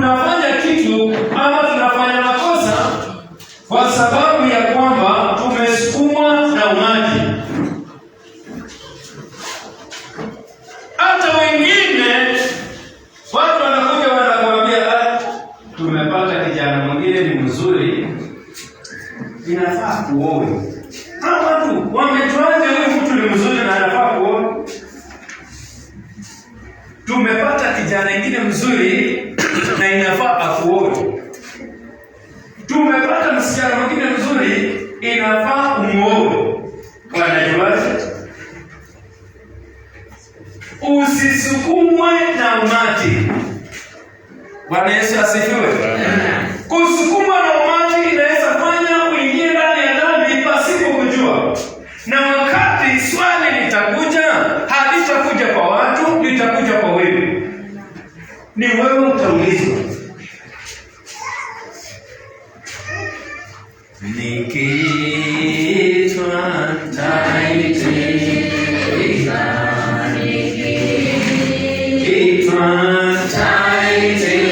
tunafanya kitu ama Bwana Yesu asifiwe. Kusukumwa na umati inaweza fanya uingie ndani ya dhambi pasipo kujua, na wakati swali litakuja, halitakuja kwa watu, litakuja kwa wewe. Ni wewe utaulizwa, nikiitwa nitaitika, nikiitwa nitaitika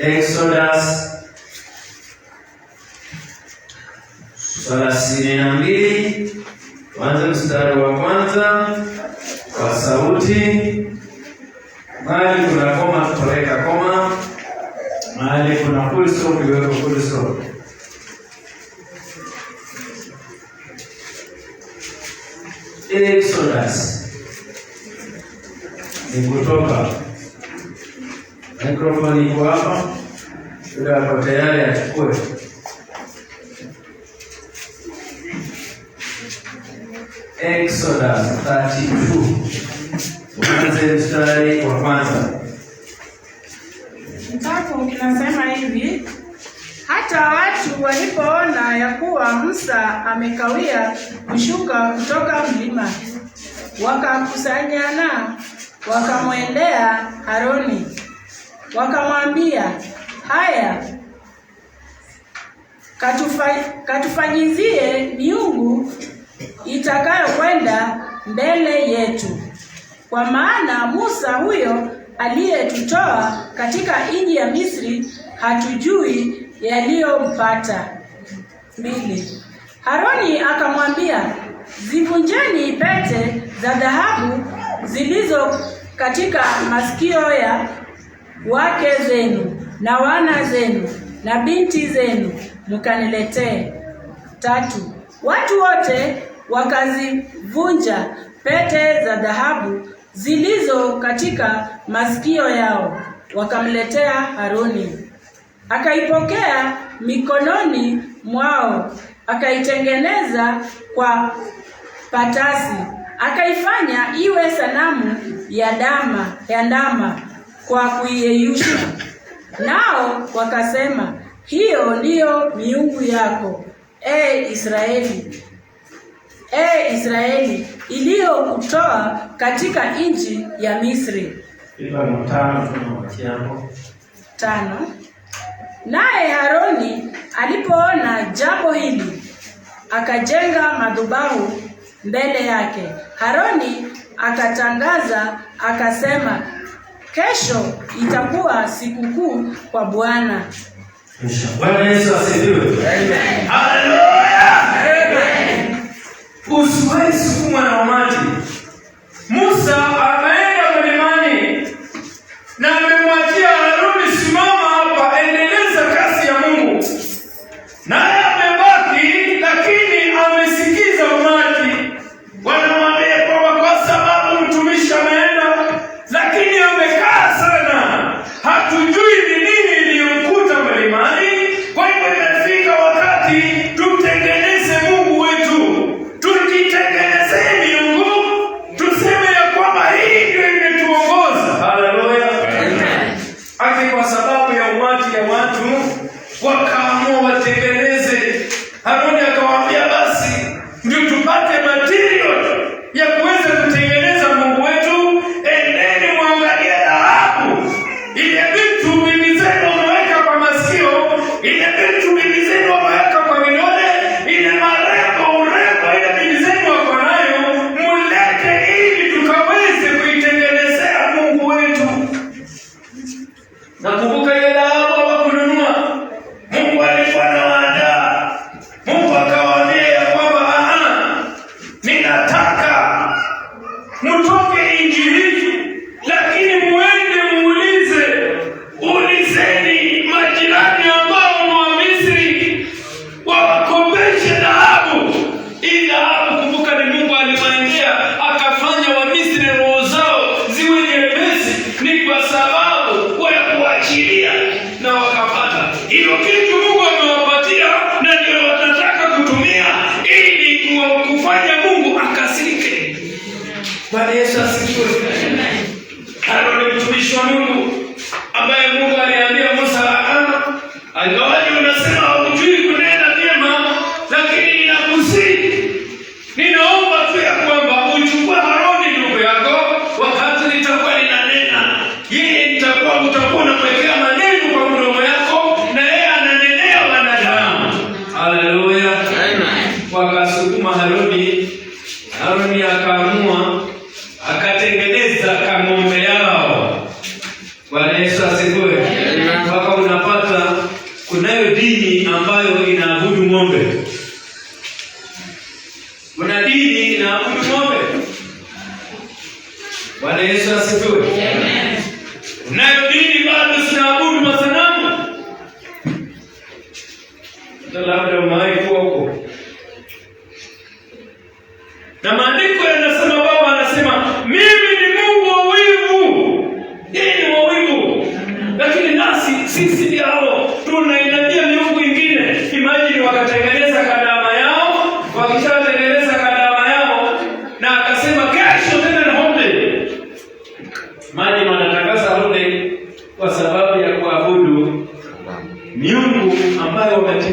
Exodus thelathini na mbili kwanza mstari wa kwanza kwa sauti. Mahali kuna koma tutaweka koma, mahali kuna kuliso stop kuliso Exodus ni kutoka Mikrofoni iko hapa, yule ako tayari achukue. Exodus 32 uanze mstari wa kwanza tatu kinasema hivi: hata watu walipoona ya kuwa Musa amekawia kushuka kutoka mlima, wakakusanyana wakamwendea Haroni wakamwambia, haya katufa, katufanyizie miungu itakayokwenda mbele yetu, kwa maana Musa huyo aliyetutoa katika nchi ya Misri hatujui yaliyompata. Mbili. Haroni akamwambia, zivunjeni pete za dhahabu zilizo katika masikio ya wake zenu na wana zenu na binti zenu mkaniletee. Tatu, watu wote wakazivunja pete za dhahabu zilizo katika masikio yao, wakamletea Haruni. Akaipokea mikononi mwao, akaitengeneza kwa patasi, akaifanya iwe sanamu ya dama ya ndama kwa kuiyeyusha. Nao wakasema, hiyo ndiyo miungu yako, e Israeli, e Israeli, iliyokutoa katika nchi ya Misri. Tano. Naye Haroni alipoona jambo hili akajenga madhabahu mbele yake. Haroni akatangaza akasema, Kesho itakuwa sikukuu kwa Bwana. Bwana Yesu asifiwe. Amen. Haleluya. Amen. Usiwahi sukumwa na umati. Musa Amen. Unayo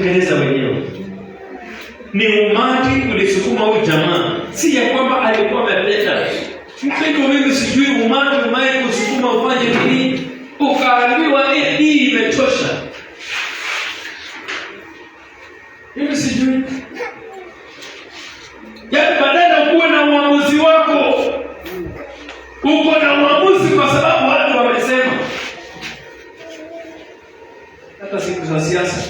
kutekeleza wenyewe. Ni umati ulisukuma huyu jamaa, si ya kwamba alikuwa amepeta mpigo. Mimi sijui umati umai kusukuma ufanye nini, ukaambiwa eh, hii imetosha. Mimi sijui yaani, badala ukuwe na uamuzi wako, uko na uamuzi kwa sababu watu wamesema, hata siku za siasa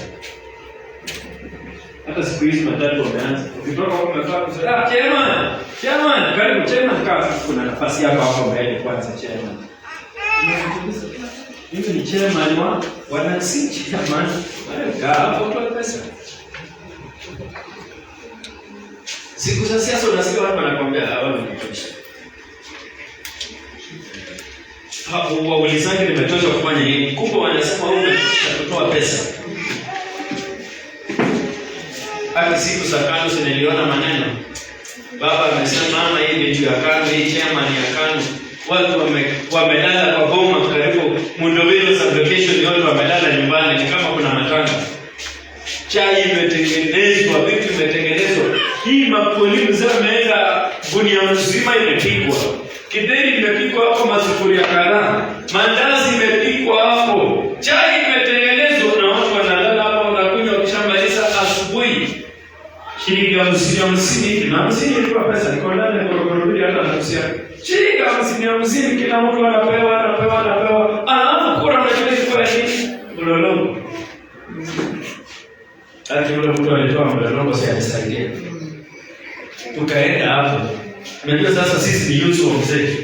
hata siku hizi matatu wameanza. Ukitoka huko unakaa kusema, "Ah, chairman, chairman, karibu chairman kaa sasa kuna nafasi hapa hapo mbele kwanza chairman." Mimi ni chairman wa wanasi chairman. Wewe kaa hapo tu pesa. Siku za siasa unasikia watu wanakwambia hawana kutosha. Hapo waulizaji nimetosha kufanya nini? Kumbe wanasema wewe umetosha kutoa pesa hadi siku za KANU zinaliona maneno. Baba amesema mama, hii ni ya KANU, hii chama ni ya KANU. Watu wame, wamelala kwa boma karibu Mundovilo sublocation yote wamelala nyumbani, ni kama kuna matanga. Chai imetengenezwa, vitu vimetengenezwa. Hii mapolimu zao imeenda gunia mzima imepigwa kidheri imepigwa hapo, ya kadhaa. Mandazi imepigwa hapo. Chai imetengenezwa ya hamsini hamsini hivi na hamsini ilikuwa pesa iko ndani ya korokoro mbili, hata nusu yake shika hamsini hamsini, kila mtu anapewa anapewa anapewa, alafu kura nachoishi kwa nini mlolongo hadi yule mtu alitoa mlolongo, si alisaidia, tukaenda hapo. Unajua, sasa sisi ni youth of Zeki,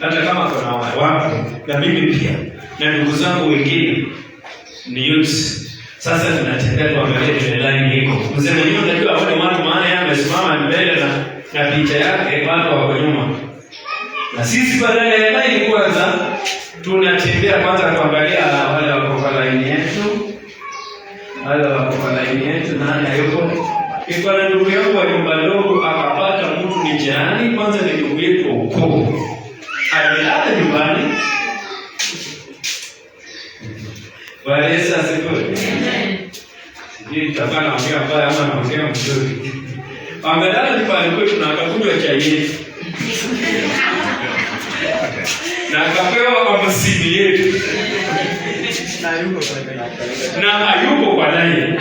hata kama kuna watu na mimi pia na ndugu zangu wengine ni youth sasa tunatembea tuangalie trend line iko. Mzee mwenyewe anajua aone watu maana yeye amesimama mbele na na picha yake watu wako nyuma. Na sisi badala ya line kwanza tunatembea kwanza kuangalia ah, wale wako kwa line yetu. Wale wako kwa line yetu nani hayupo? Kwa na ndugu yangu wa nyumba ndogo akapata mtu ni jirani kwanza ni ndugu yetu huko, Amelala nyumbani Bwana Yesu asifiwe. Sijui nitakuwa naongea mbaya ama naongea mzuri. Pambelana ni na akakunywa chai yetu. Na akapewa kwa yetu. Na hayuko kwa nani?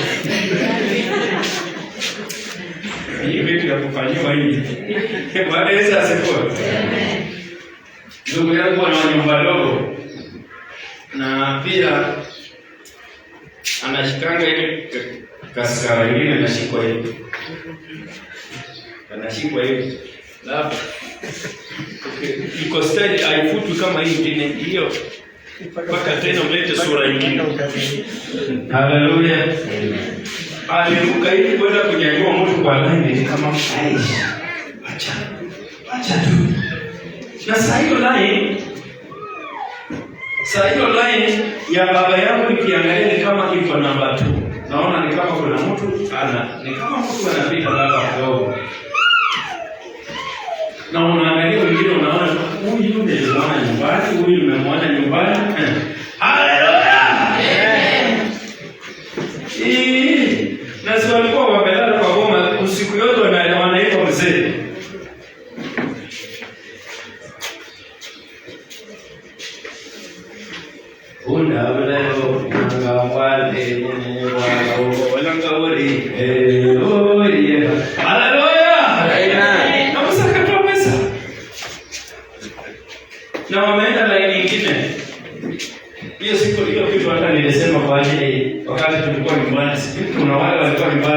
Hii vitu ya kufanyiwa hivi. Bwana Yesu asifiwe. Ndugu yangu wana nyumba ndogo na pia anashikanga ile kasara ingine anashikwa hivi, anashikwa hivi labda iko staili haifutwi kama hii ingine hiyo, mpaka tena mlete sura ingine. Haleluya! Aliruka ili kwenda kunyanyua mtu kwa laini, kama acha acha tu, na saa hiyo laini sasa hiyo line ya baba yangu ikiangalia ni kama iko namba 2. naona ni kama kuna mtu ana ni kama mtu anapita baba mdogo, na unaangalia wengine, unaona huyu ndio nyumbani, huyu mwana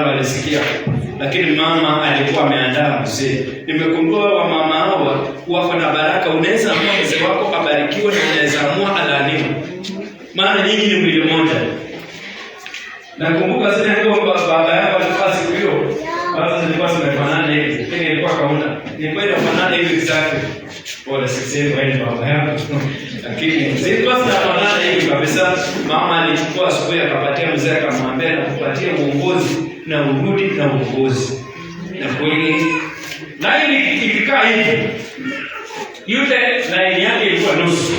nalo alisikia, lakini mama alikuwa ameandaa mzee. Nimekumbua wa mama hawa wako na baraka. Unaweza amua mzee wako abarikiwe na unaweza amua alaaniwe, maana nyinyi ni mwili mmoja. Nakumbuka zile ngomba baba yao alikuwa siku hiyo basi zilikuwa zimefanana hivi, lakini ilikuwa kaunda ilikuwa inafanana hivi exactly. Pole sisi wewe ni baba yako, lakini zilikuwa zinafanana hivi kabisa. Mama alichukua asubuhi akapatia mzee, akamwambia na kupatia uongozi na urudi na uongozi. Na kweli laini ikikaa hivi, yule laini yake ilikuwa nusu,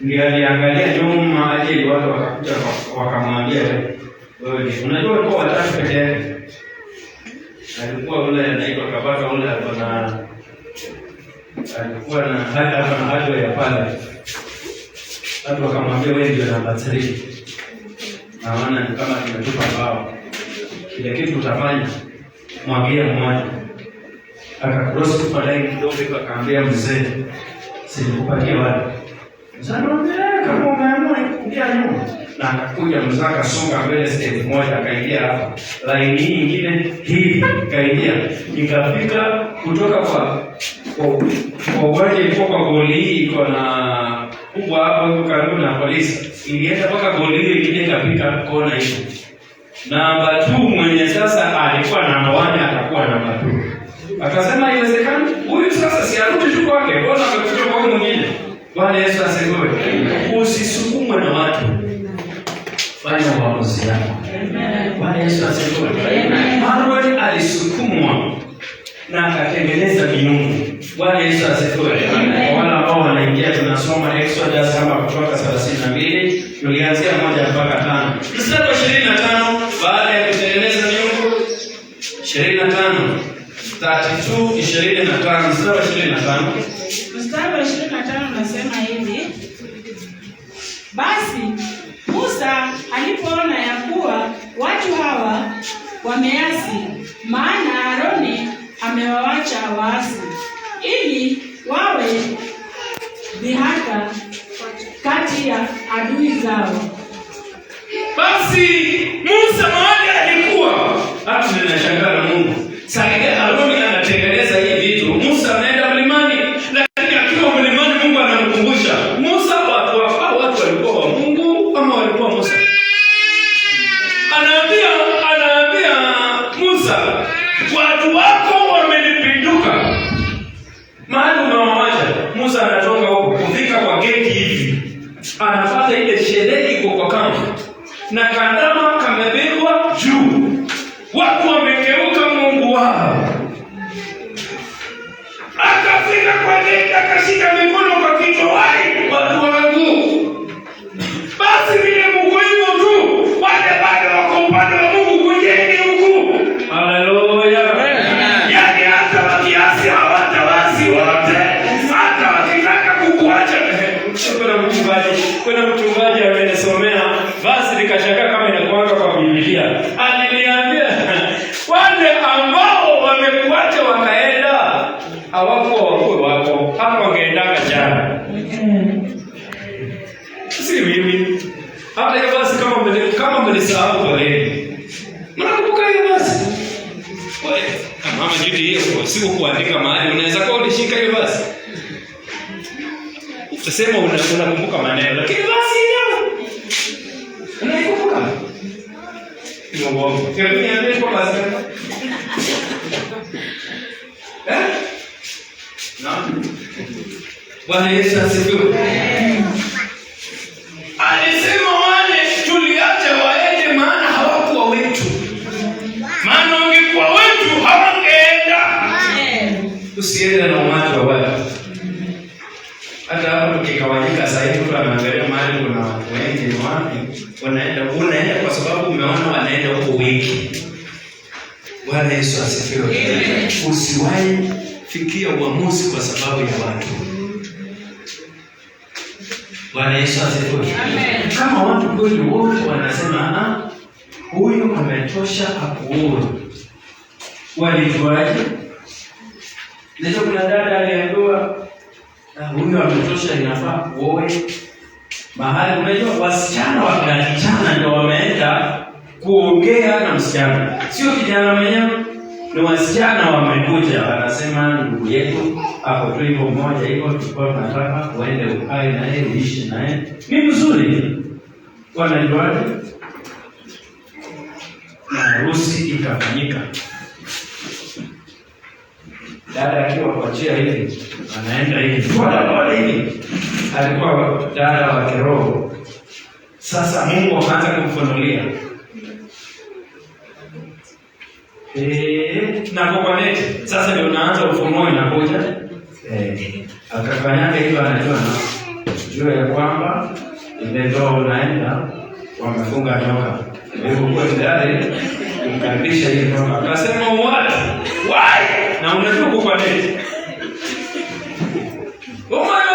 ndi aliangalia nyuma aje, watu wakakuja wakamwambia, wewe unajua kwa watatu peke yake alikuwa ule anaitwa Kabaka ule na alikuwa na hata hapa na hatua ya pale, watu wakamwambia wengi ndio namba 3 na maana kama tumetupa mbao kile kitu utafanya, mwambie mmoja. Akakrosi baadaye kidogo, akaambia mzee, silikupatia wale eh, kama umeamua kuingia nyuma, na akakuja mzee akasonga mbele step moja, akaingia hapa laini hii nyingine hii kaingia, ikafika kutoka kwa kwa uwanja ilikuwa kwa goli hii iko na kubwa hapo karibu na polisi, ilienda mpaka goli hii ikija ikafika kona hii namba 2 mwenye sasa alikuwa namba 1 atakuwa namba 2. Akasema haiwezekani. Huyu sasa si arudi tu kwake, bora amekuja kwa mwingine. Bwana Yesu asifiwe. Usisukumwe na watu. Fanya maamuzi yako. Bwana Yesu asifiwe. Haruni alisukumwa na akatengeneza miungu. Bwana Yesu asifiwe. Wale ambao wanaingia tunasoma Exodus hapa kutoka 32 tulianzia moja mpaka 5. Mstari wa 25 2 25 mstari wa 25. Mstari wa 25 unasema hivi: basi Musa alipoona ya kuwa watu hawa wameasi, maana Aroni amewawacha waasi, ili wawe dhihaka kati ya adui zao. Basi Musa mahali alikuwa, hata tunashangaa na Mungu. Sasa Aroni sí si mimi. Hata hiyo basi, kama mbele kama mbele sahau kwa leo. Mnakumbuka hiyo basi? Mama Judy, hiyo sio kuandika mahali, unaweza kwa ulishika hiyo basi. Utasema unakumbuka maneno, lakini basi hiyo. Unaikumbuka? Ndio bongo. Hiyo ni ndio kwa basi. Eh? na Bwana Yesu asifiwe alisema wale tuliache waende, maana hawakuwa wetu, maana wangekuwa wetu hawangeenda. Tusiende na umati wa watu. Hata hapo tukikawanyika sasa hivi, mtu anaangalia mahali kuna watu wengi, wapi wanaenda, unaenda kwa sababu umeona wanaenda huko wengi. Bwana Yesu asifiwe. Usiwahi fikia uamuzi kwa sababu ya watu. Bwana Yesu asifiwe. Kama watu kweli wote wanasema huyu ametosha akuue, walijuaje? Ndio kuna dada aliambiwa huyu ametosha, inafaa kuoe mahali. Unajua wasichana wakachana ndio wameenda kuongea na msichana, sio kijana mwenyewe ni wasichana wamekuja, wanasema ndugu yetu hapo tu hivyo, mmoja hivyo, tulikuwa tunataka uende ukae na yeye uishi na yeye, ni mzuri, wanaitwaje, na harusi ikafanyika. Dada akiwa kwa hivi anaenda hivi pole hivi, alikuwa dada wa kiroho. Sasa Mungu akaanza kumfunulia eh na Sasa ndio unaanza ufunuo inakuja. Eh, akafanyaje hiyo, anajua na jua ya kwamba ile ndio unaenda wamefunga nyoka. Ndio kwa tayari kumkaribisha ile mama, Akasema what why? Na unajua kukonekti. Umana oh